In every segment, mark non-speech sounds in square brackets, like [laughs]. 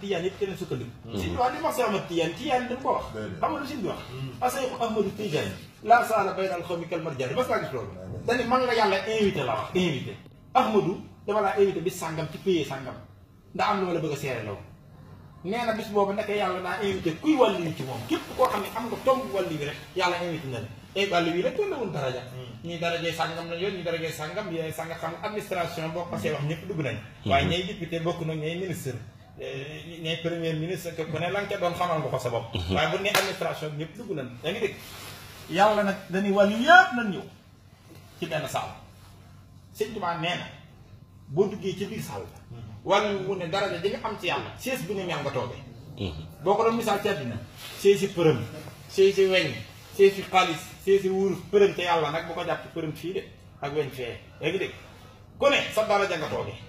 Tijaan yëpp keneen sukkandiku. Sëñ Tuubaa li wax si Ahmad Tijaan wax. xam nga lu Sëñ bi wax. Hmm. Ahmadu Tijaan laa saala bayna al xawmi kal laa gis loolu. man la wax invité. Ahmadu dama laa invité bis sàngam bëgg a seere law nee na bis boobu naka yàlla naa invité kuy wàllu yi ci moom képp koo xam ne am nga tomb wàllu bi rek yàlla invité na la ay wàllu hmm. yi rek toll woon daraja ñii darajee sàngam lañ yoon ñii darajee sàngam yi wax ñëpp dugg nañ hmm. waaye ñay député bokk na ñay ministre Eh, ne premier ministre que ku ne la nga doon xamal nga ko sa bopp. Mhm. waaye bu ne administration bi ñëpp dugg nañ. yaa ngi dégg yàlla nag dañuy wàllu yëpp nañ ci benn saal sëñ Tuubaa nee na boo duggee ci biir saal la. Mhm. wàllu wu ne dara di nga am ci yàlla. chaise bu ne mel nga toogee. Mhm. boo ko doon misaal ci àddina. chaise përëm chaise weñ chaise xaalis chaise wurus përëm te yàlla nag bu ko jàpp përëm fii de ak weñ fee yaa ngi dégg ku ne sa dara nga toogee.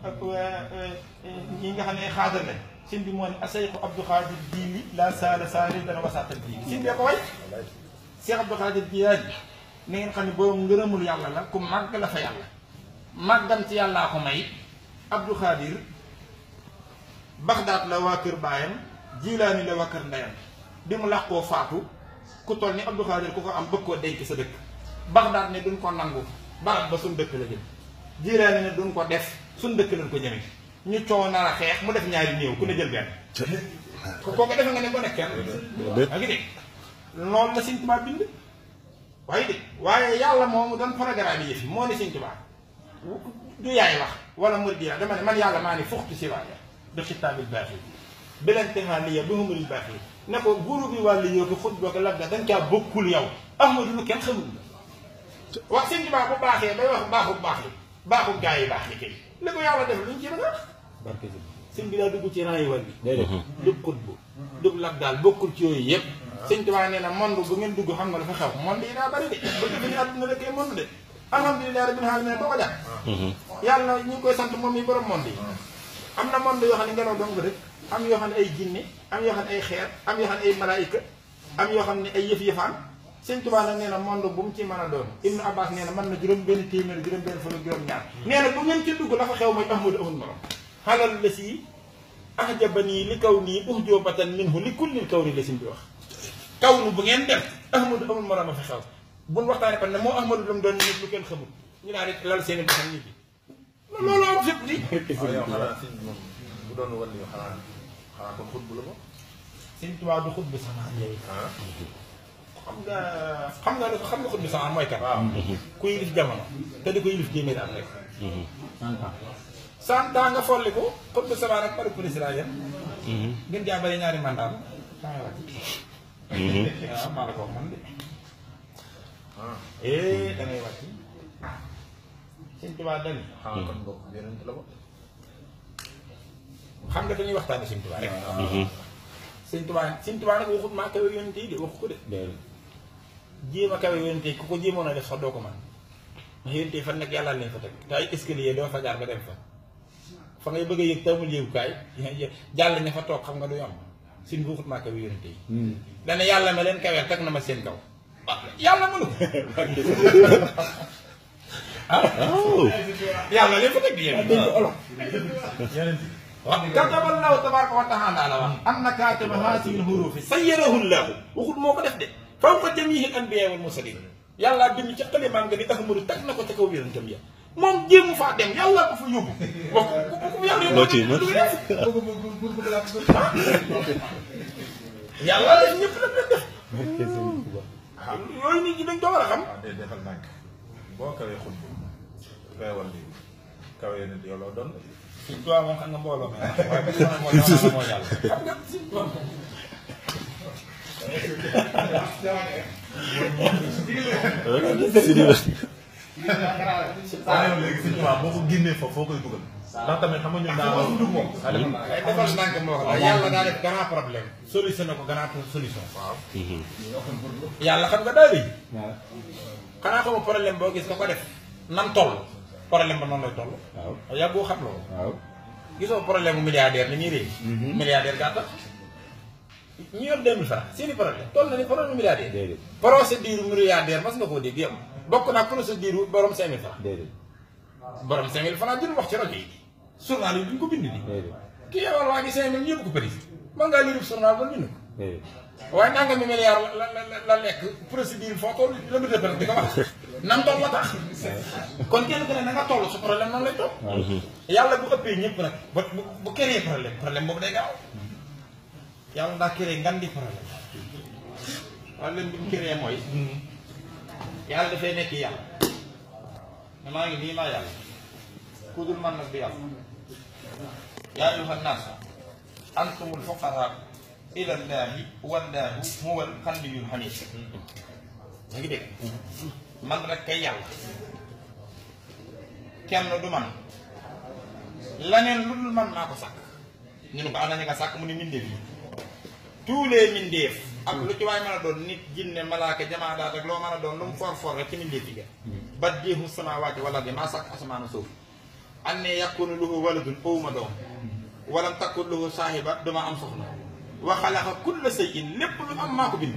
ak ñi euh, euh, nga xam ne xaadar lañ bi moo ne asayku Abdou Khadir diili la saala saali dana wasaatal diili sëñ bee ko way Cheikh Abdou Khadir Jilaani na ngeen xam ne boobu ngërëmul yàlla la ku màgg la fa yàlla màggam ci yàllaa ko may Abdou Khadir la waa kër baayam Jilaani la waa kër ndeyam bi mu làqoo faatu ku toll ni Abdou Khadir ku ko am bëgg koo denc sa dëkk Baxdaat ne duñ ko nangu barab ba suñ dëkk la jëm Jilaani ne duñ ko def suñ dëkk lañ ko jëmee ñu coow nar xeex mu def ñaari néew ku ne jël benn. kooku defe nga ne ko nekk kenn. ngi dégg loolu la Sëñ Tuubaa bind. waaye dégg waaye yàlla moomu doon programme yi moo ne Sëñ Tuubaa du wax wala mu di dama man yàlla maa ne fuxtu si waaye bi xitaabil baax yi bi leen bu bi humuril baax yi ne ko guru bi wàllu yow ko xut boo ko labda dañ caa bokkul yow ahmadu lu kenn xamul la wax Sëñ Tuubaa bu baaxee bay wax baaxu baax yi baaxu gaa yi baax yi li ko yàlla def lu ñu ci danga barke sëñ bi daal dugg ci raayi wal bi déedéet mm-hmm. dub xut bu ci yooyu yëpp ah. sëñ Tuubaa nee na monde bu ngeen dugg xam nga dafa xew monde yi daa bëri de bëgg bi ñu àdduna dëkkee monde de alhamdulilah rabbil alamin boo ko jàpp mm-hmm. yàlla ñu koy sant moom yi borom monde yi ah. am na monde yoo xam ne ngelaw dong rek am yoo xam ne ay jinne am yoo xam ne ay xeer am yoo xam ne ay malaayika am yoo xam ne ay yëf-yëfaan sëñ Tuubaa nag nee na monde bu mu ci mën a doon Ibnu Abbas nee na mën na juróom-benn téeméer juróom-benn fan ak juróom-ñaar nee na bu ngeen ci dugg la fa xew mooy ahmadu amul morom xalal la si ahjabanii li kaw nii uhjobatan minhu li kulli kaw ni la si bi wax kaw nu bu ngeen moo ahmadu amul morom a fa xew buñ waxtaan kon na moo ahmadu lu mu doon nit lu kenn xamul ñu daal di lal seen i bixam nit yi loolu am fépp di bu doon wàll yoo xanaa xanaa kon xutbu la ko sëñ Tuubaa du xutbu sama xam nga xam nga xam nga xut bi samaan mooy kan. waaw ku yilif jamono. te di ko yilif jéemee daal rek. sant mhm. daa nga folli ko xut bi samaan ak par président yam. gën jaa bëri ñaari mandat mhm. ah, la. waaw ko man de. Ah. eh mhm. da ngay ah, la xam nga dañuy waxtaan sëñ Tuubaa rek. sëñ Tuubaa sëñ Tuubaa nag waxut maa ko yonent yi de waxu ko de. jéem a kawe yonente ku ko jéemoon a def sax doo ko mën ndax yonente fan nag yàlla leen fa teg te ay escalier doo fa jaar ba dem fa fa ngay bëgg a yëg tamul ña fa toog xam nga du yomb sin buuxut maa kawe yonente yi hmm. dana leen kawee teg na ma seen kaw ah, yàlla mënu [laughs] ah oh. yàlla leen fa teg di yéen ah. kataballaahu tabaaraka wa taala wax am na kaatama haasihi l huruufi sayyarahu llaahu waxut moo ko def de fawqa jamiihil anbiyaa wal mursaliin yàllaa bind ca xalimaam nga ni Ahmadu tag na ko ca kaw yonentam moom jéem faa dem yàlla ko fa yóbbu. wax ko yàlla yóbbu. war a xam. waaw day waaw boo ko génnee fa foo koy dugal. ndax tamit xam nga ñun daa war ko ma wax la yàlla daa problème. solution na ko grand solution. waaw. yàlla xam nga daal léegi. xanaa xamu problème boo gis nga ko def. nam toll problème ba noonu lay toll. waaw yàggoo xam loolu. waaw gisoo problème mu milliardaire ni ñuy réer. milliardaire gàttal. ñi yor 2000 francs seen i problème toll na ni problème milliardaire. déedéet procédure milliardaire mas nga koo dégg yow. bokk naa procédure borom 5000 francs. déedéet borom 5000 francs duñ wax ci rajo yi. journal yi duñ ko bind nii. déedéet ki yebal waa gi 5000 ko prise mën ngaa lire journal ba bind ko. waaye nangam mi la lekk procédure foo toll la bi di ko wax. nan toll la tax. kon kenn ku na nga toll su problème noonu lay toll. Mhm. yàlla bu ëppee ñëpp nag bu bu créé problème problème boobu day gaaw. yàlla daa créé ngan di problème problème bi mu créé mooy yàlla dafay nekk yàlla maa ngi nii maa yàlla ku man nag bi yàlla yaa ayyuhan naas antumul fuqaraa ila llaahi wallaahu huwal ganiyyul hamiid yaa ngi dégg man rek kay yàlla kenn du man laneen lu dul man maa ko sàkk ñu ne ko ana ña nga sàkk mu ne mbindeef yi tous les mindeef mm. ak lu ci waay mën a doon nit jinne malaaka jamaa daat ak loo mën a doon lu mu for for rek ci mindeef yi ga mm. baddihu samaawaati wala bi maa sàkk asamaanu suuf an ne yakunu lahu waladun awuma doom mm. walam takkun lahu saahiba dama am soxna lu am maa ko bind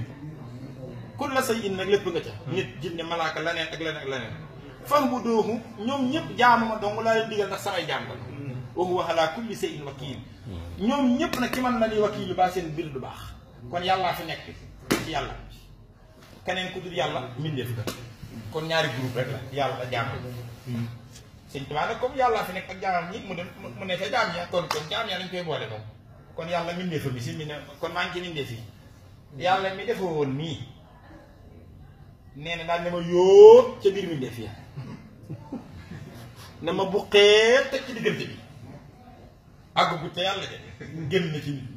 kulla shay'in nag lépp nga ca nit jinne malaaka ñëpp jaamu ma dong laa leen digal ndax samay jàmm la ñoom ñëpp nag ci man ma ni wakiilu baa seen mbir du baax kon yàllaa fi nekk ci yàlla keneen ku dul yàlla mbindeef la kon ñaari groupe rek la yàlla jaam sëñ Tuubaa nag comme yàllaa fi nekk ak ñi mu dem mu ne ca jaam ya kon kon jaam ya kon yàlla mbindeefa mi si mi ne kon maa ngi ci mbindeef yi yàlla mi defoo woon nii nee na daal ne ma yóot ca biir mbindeef ya [laughs] na ma buqee teg ci diggante bi àgg bu ca yàlla de génn na ci nit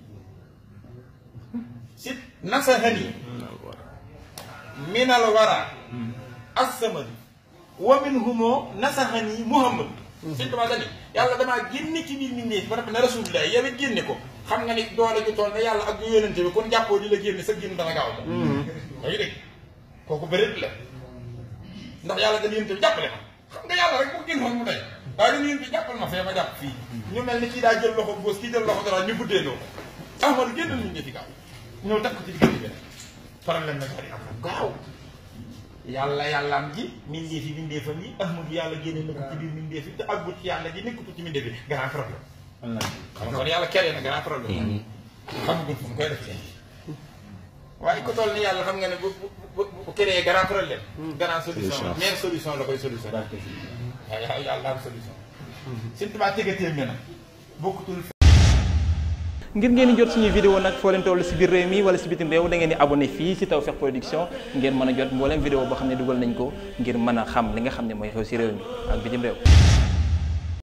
si nasahani minal wara assamadi wa min humo nasahani muhammad sëñ Tuubaa dani yàlla damaa génne ci biir nit ñi ba noppi na rasulullah yow it génne ko xam nga ni doole ju toll ne yàlla ak ju yónente bi kon jàppoo di la génne sa génn dana gaaw ba. Mm-hmm. yaa ngi dégg kooku bëreet la ndax yàlla dañu yónente bi jàppale ma. xam nga yàlla rek bu génnoon mu day waaye dañu leen di jàppal ma fee ma jàpp fii ñu mel ni kii daa jël loxo góos kii jël loxo dara ñu buddee noo ko Ahmadu génnal ñu gaaw ñëw teg ko ci diggante bi problème na sori am na gaaw yàlla yàllaam ji mindee fi mindee fa nii Ahmadu yàlla génne na ko ci biir mindee fi te àggut ci yàlla ji nekkut ci mindee bi grand problème xam nga kon yàlla keree na grand problème mm-hmm. yàlla xam nga ne bu bu bu créé grand problème. Hmm. solution la même solution la koy solution. waaw yàlla am solution. suñ tubaab tëggatee mi ngir ngeen di jot suñu vidéo nag foo leen toll si biir réew mi wala si bitim réew da ngeen di abonné fii si Tawfekh Production ngeen mën a jot mbooleem vidéo boo xam ne dugal nañ ko ngir mën a xam li nga xam ne mooy xew si réew mi ak bitim réew.